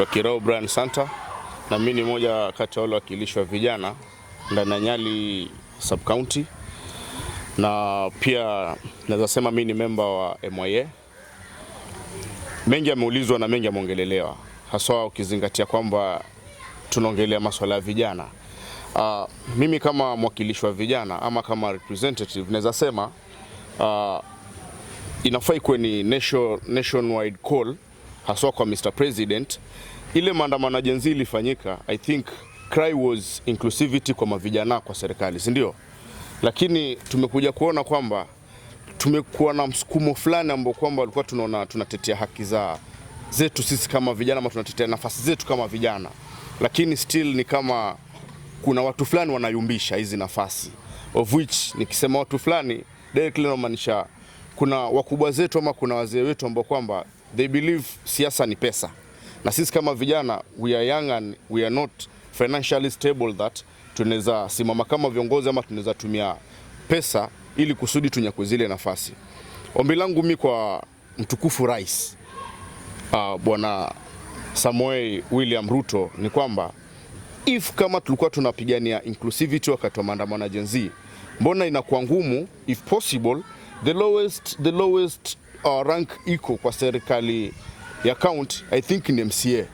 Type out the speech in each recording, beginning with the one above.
naitwa Kirao Brian Santa na mimi ni mmoja kati ya wale wakilishi wa vijana ndani ya Nyali sub county, na pia naweza sema mimi ni memba wa MYA. Mengi yameulizwa na mengi yameongelelewa, haswa ukizingatia kwamba tunaongelea masuala ya vijana. Uh, mimi kama mwakilishi wa vijana ama kama representative naweza sema uh, ah, inafaa kuwe ni nation, nationwide call haswa kwa Mr President. Ile maandamano ya Gen Z ilifanyika, I think cry was inclusivity kwa mavijana kwa serikali, si ndio? Lakini tumekuja kuona kwamba tumekuwa na msukumo fulani ambao kwamba walikuwa tunaona tunatetea haki za zetu sisi kama vijana ama tunatetea nafasi zetu kama vijana, lakini still ni kama kuna watu fulani wanayumbisha hizi nafasi, of which nikisema watu fulani directly inamaanisha kuna wakubwa zetu ama kuna wazee wetu ambao kwamba they believe siasa ni pesa, na sisi kama vijana we are young and we are not financially stable that tunaweza simama kama viongozi ama tunaweza tumia pesa ili kusudi tunyakwe zile nafasi. Ombi langu mi kwa mtukufu rais uh, Bwana Samuel William Ruto ni kwamba if kama tulikuwa tunapigania inclusivity wakati wa maandamano ya Gen Z, mbona inakuwa ngumu if possible the lowest, the lowest uh, rank iko kwa serikali ya county, I think ni MCA.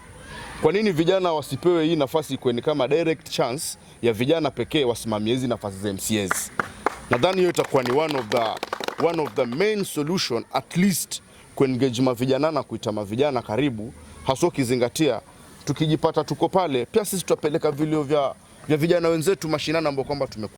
Kwa nini vijana wasipewe hii nafasi kwenye kama direct chance ya vijana pekee wasimamie hizi nafasi za MCAs? Nadhani hiyo itakuwa ni one of the, one of the main solution at least kuengage mavijana na kuita mavijana karibu, haswa ukizingatia tukijipata tuko pale, pia sisi tutapeleka vilio vya, vya vijana wenzetu mashinani ambao kwamba tumekuwa